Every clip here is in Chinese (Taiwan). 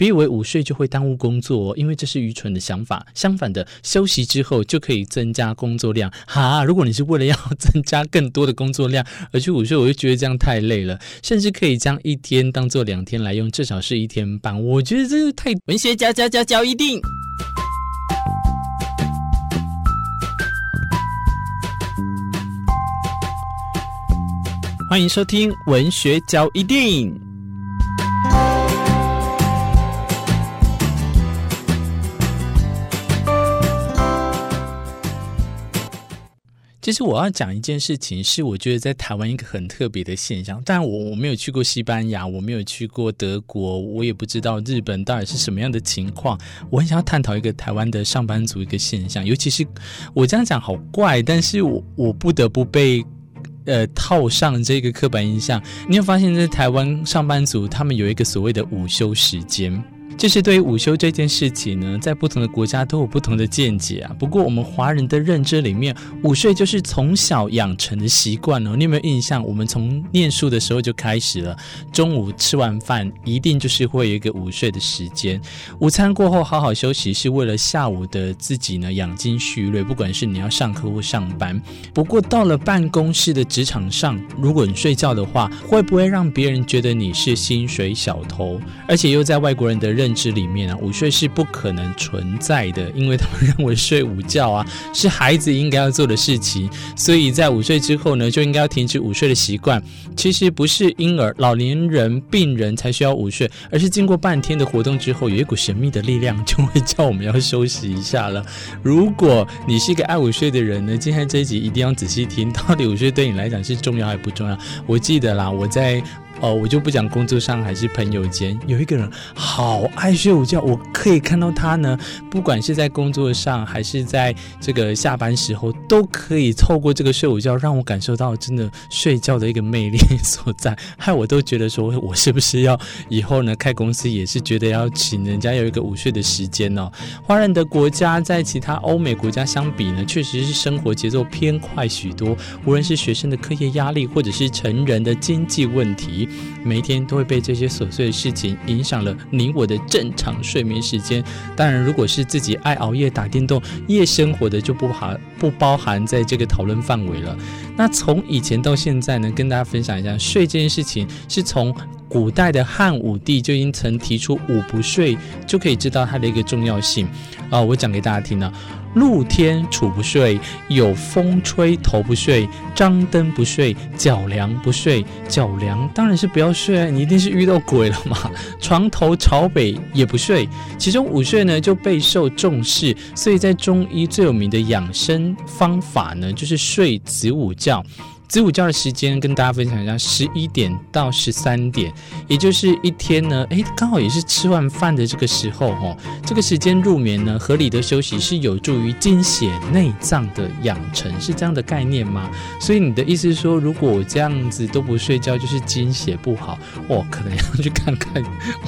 別以為午睡就會耽誤工作哦，因為這是愚蠢的想法。相反的，休息之後就可以增加工作量。哈，如果你是為了要增加更多的工作量，而去午睡，我就覺得這樣太累了，甚至可以將一天當做兩天來用，至少是一天半。我覺得這太文學嚼，嚼，嚼，嚼一嚼。歡迎收聽文學嚼一嚼。其實我要講一件事情，是我覺得在台灣一個很特別的現象。但我我沒有去過西班牙，我沒有去過德國，我也不知道日本到底是什麼樣的情況。我很想要探討一個台灣的上班族一個現象，尤其是我這樣講好怪，但是我我不得不被，呃，套上這個刻板印象。你有發現，在台灣上班族他們有一個所謂的午休時間。就是對於午休這件事情呢，在不同的國家都有不同的見解啊。不過我們華人的認知裡面，午睡就是從小養成的習慣哦。你有沒有印象？我們從念書的時候就開始了，中午吃完飯一定就是會有一個午睡的時間。午餐過後好好休息，是為了下午的自己呢養精蓄銳。不管是你要上課或上班，不過到了辦公室的職場上，如果你睡覺的話，會不會讓別人覺得你是薪水小偷？而且又在外國人的認。認知裡面啊，午睡是不可能存在的，因為他們認為睡午覺啊是孩子應該要做的事情，所以在午睡之後呢，就應該要停止午睡的習慣。其實不是嬰兒、老年人、病人才需要午睡，而是經過半天的活動之後，有一股神秘的力量就會叫我們要休息一下了。如果你是一個愛午睡的人呢，今天這一集一定要仔細聽，到底午睡對你來講是重要還是不重要？我記得啦，我在。哦，我就不講工作上還是朋友間，有一個人好愛睡午覺，我可以看到他呢，不管是在工作上還是在這個下班時候，都可以透過這個睡午覺，讓我感受到真的睡覺的一個魅力所在，害我都覺得說，我是不是要以後呢開公司也是覺得要請人家有一個午睡的時間哦。華人的國家在其他歐美國家相比呢，確實是生活節奏偏快許多，無論是學生的課業壓力，或者是成人的經濟問題。每一天都會被這些瑣碎的事情影響了你我的正常睡眠時間。當然，如果是自己愛熬夜、打電動、夜生活的，就不含不包含在這個討論範圍了。那從以前到現在呢，跟大家分享一下睡這件事情，是從古代的漢武帝就已經曾提出午不睡，就可以知道它的一個重要性啊。哦，我講給大家聽啊，露天處不睡，有風吹頭不睡，張燈不睡，腳涼不睡，腳涼當然是不要睡啊，你一定是遇到鬼了嘛。床頭朝北也不睡，其中午睡呢就備受重視，所以在中醫最有名的養生方法呢，就是睡子午覺。子午覺的時間跟大家分享一下，十一點到十三點，也就是一天呢，誒、欸，剛好也是吃完飯的這個時候哦、喔。這個時間入眠呢，合理的休息是有助於精血內臟的養成，是這樣的概念嗎？所以你的意思是說，如果我這樣子都不睡覺，就是精血不好，我、喔、可能要去看看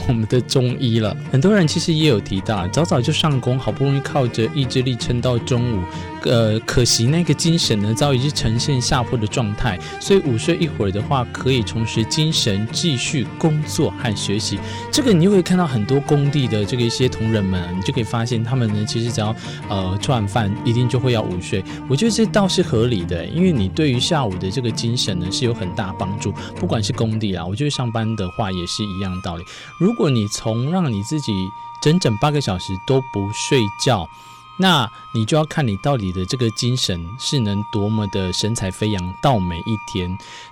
我們的中醫了。很多人其實也有提到，早早就上工，好不容易靠着意志力撐到中午。呃，可惜那個精神呢，早已是呈現下坡的狀態，所以午睡一會兒的話，可以重拾精神，繼續工作和學習。這個你就會看到很多工地的這個一些同仁們，你就可以發現他們呢，其實只要呃吃完飯，一定就會要午睡。我覺得這倒是合理的，因為你對於下午的這個精神呢是有很大幫助。不管是工地啦，我覺得上班的話也是一樣的道理。如果你從讓你自己整整八個小時都不睡覺。那你就要看你到底的這個精神是能多麼的神采飛揚到每一天，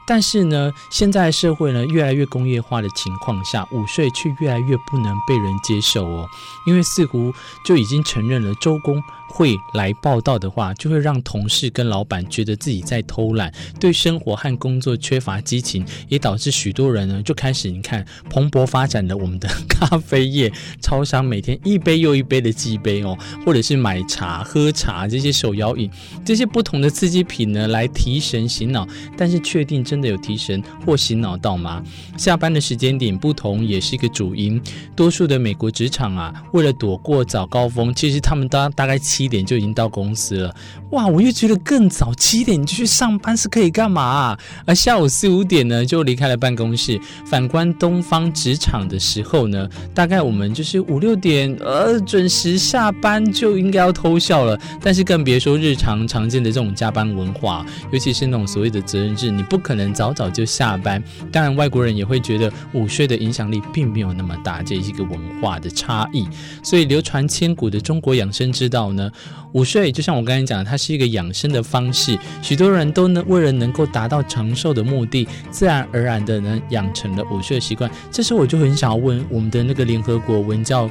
但是呢，現在社會呢越來越工業化的情況下，午睡卻越來越不能被人接受哦，因為似乎就已經承認了，周公會來報到的話，就會讓同事跟老闆覺得自己在偷懶，對生活和工作缺乏激情，也導致許多人呢就開始你看蓬勃發展的我們的咖啡業，超商每天一杯又一杯的寄杯哦，或者是買奶茶、喝茶這些手搖飲，這些不同的刺激品呢，來提神醒腦。但是確定真的有提神或醒腦到嗎？下班的時間點不同也是一個主因。多數的美國職場啊，為了躲過早高峰，其實他們大大概七點就已經到公司了。哇，我又覺得更早七點就去上班是可以幹嘛啊？而下午四五點呢，就離開了辦公室。反觀東方職場的時候呢，大概我們就是五六點，呃，準時下班就應該要偷笑了，但是，更別說日常常見的這種加班文化，尤其是那種所謂的責任制，你不可能早早就下班。當然，外國人也會覺得午睡的影響力並沒有那麼大，這是一個文化的差異。所以流傳千古的中國養生之道呢，午睡就像我剛才講的，它是一個養生的方式，許多人都能為了能夠達到長壽的目的，自然而然的呢養成了午睡的習慣。這時候我就很想要問我們的那個聯合國文教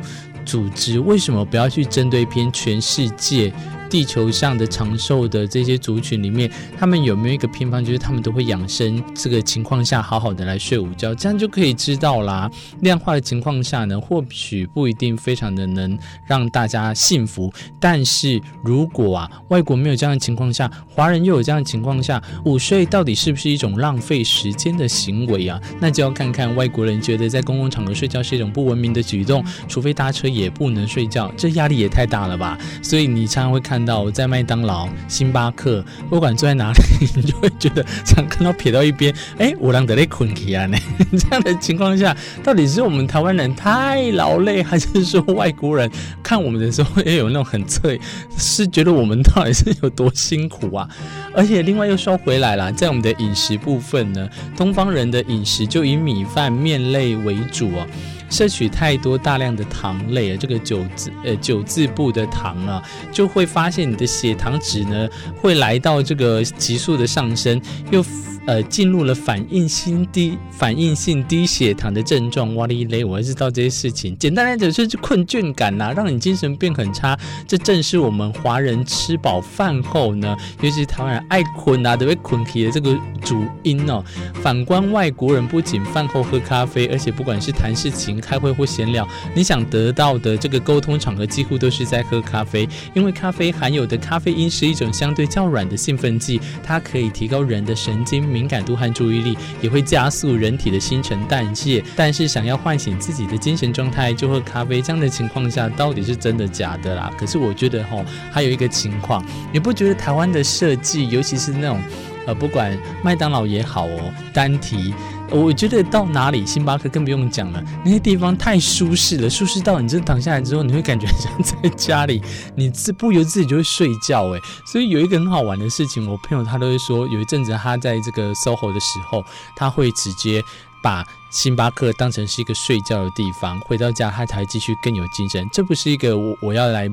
組織為什麼不要去針對偏全世界？地球上的長壽的這些族群裡面，他們有沒有一個偏方，就是他們都會養生，這個情況下好好的來睡午覺，這樣就可以知道啦。量化的情況下呢，或許不一定非常的能讓大家信服。但是如果啊，外國沒有這樣的情況下，華人又有這樣的情況下，午睡到底是不是一種浪費時間的行為啊？那就要看看外國人覺得在公共場合睡覺是一種不文明的舉動，除非搭車也不能睡覺，這壓力也太大了吧？所以你常常會看。到在麥當勞、星巴克，不管坐在哪裡，你就會覺得想看到撇到一邊，哎、欸，我讓得勒困起來呢。這樣的情況下，到底是我們台灣人太勞累，還是說外國人看我們的時候也有那種很脆？是覺得我們到底是有多辛苦啊？而且另外又說回來了，在我們的飲食部分呢，東方人的飲食就以米飯、麵類為主哦、啊。攝取太多大量的糖類啊，這個九字呃九字部的糖啊，就會發現你的血糖值呢會來到這個急速的上升，又呃進入了反應性低反應性低血糖的症狀。哇哩嘞，我還知道這些事情。簡單來講就是困倦感吶、啊，讓你精神變很差。這正是我們華人吃飽飯後呢，尤其是臺灣人愛困吶、啊，都會困皮的這個主因哦。反觀外國人，不僅飯後喝咖啡，而且不管是談事情。開會或閒聊，你想得到的這個溝通場合幾乎都是在喝咖啡，因為咖啡含有的咖啡因是一種相對較軟的興奮劑，它可以提高人的神經敏感度和注意力，也會加速人體的新陳代謝。但是想要喚醒自己的精神狀態就喝咖啡，這樣的情況下到底是真的假的啦？可是我覺得哈、哦，還有一個情況，你不覺得台灣的設計，尤其是那種，呃，不管麥當勞也好哦，單提。我覺得到哪裡，星巴克更不用講了，那些地方太舒適了，舒適到你真躺下來之後，你會感覺好像在家裡，你自不由自己就會睡覺誒，所以有一個很好玩的事情，我朋友他都會說，有一陣子他在這個 SOHO 的時候，他會直接把星巴克當成是一個睡覺的地方，回到家他才繼續更有精神。這不是一個我我要來。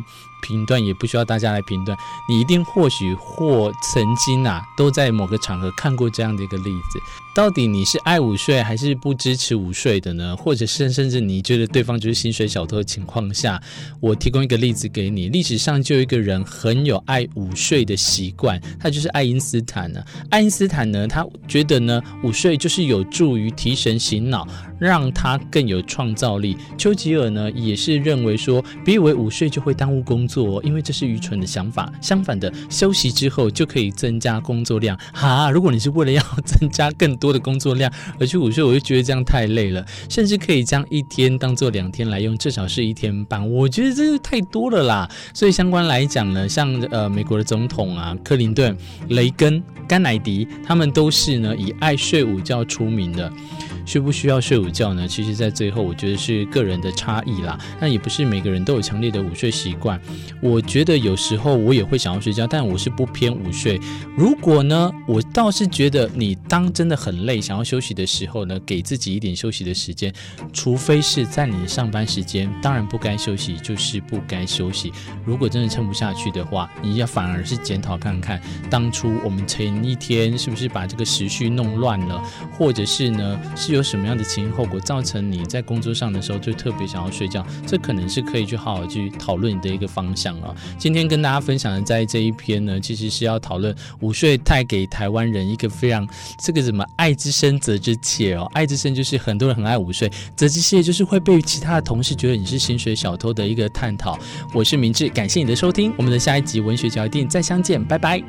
評斷也不需要大家來評斷，你一定或許或曾經啊，都在某個場合看過這樣的一個例子。到底你是愛午睡還是不支持午睡的呢？或者甚甚至你覺得對方就是薪水小偷的情況下，我提供一個例子給你：歷史上就有一個人很有愛午睡的習慣，他就是愛因斯坦呢、啊。愛因斯坦呢，他覺得呢，午睡就是有助於提神醒腦，讓他更有創造力。丘吉爾呢，也是認為說，別以為午睡就會耽誤工作。因為這是愚蠢的想法。相反的，休息之後就可以增加工作量哈，如果你是為了要增加更多的工作量而去午睡，我就覺得這樣太累了。甚至可以將一天當做兩天來用，至少是一天半。我覺得這就太多了啦。所以相關來講呢，像呃美國的總統啊，克林頓、雷根、甘乃迪，他們都是呢以愛睡午覺出名的。需不需要睡午覺呢？其實，在最後我覺得是個人的差異啦。那也不是每個人都有強烈的午睡習慣。我覺得有時候我也會想要睡覺，但我是不偏午睡。如果呢，我倒是覺得你當真的很累，想要休息的時候呢，給自己一點休息的時間。除非是在你上班時間，當然不該休息就是不該休息。如果真的撐不下去的話，你要反而是檢討看看，當初我們前一天是不是把這個時序弄亂了，或者是呢，是有什麼樣的前因後果造成你在工作上的時候就特別想要睡覺？這可能是可以去好好去討論你的一個方方向，今天跟大家分享的在這一篇呢，其實是要討論午睡帶給台灣人一個非常這個什麼“愛之深責之切”哦，“愛之深”就是很多人很愛午睡，“責之切”就是會被其他的同事覺得你是薪水小偷的一個探討。我是明志，感謝你的收聽，我們的下一集文學嚼一點再相見，拜拜。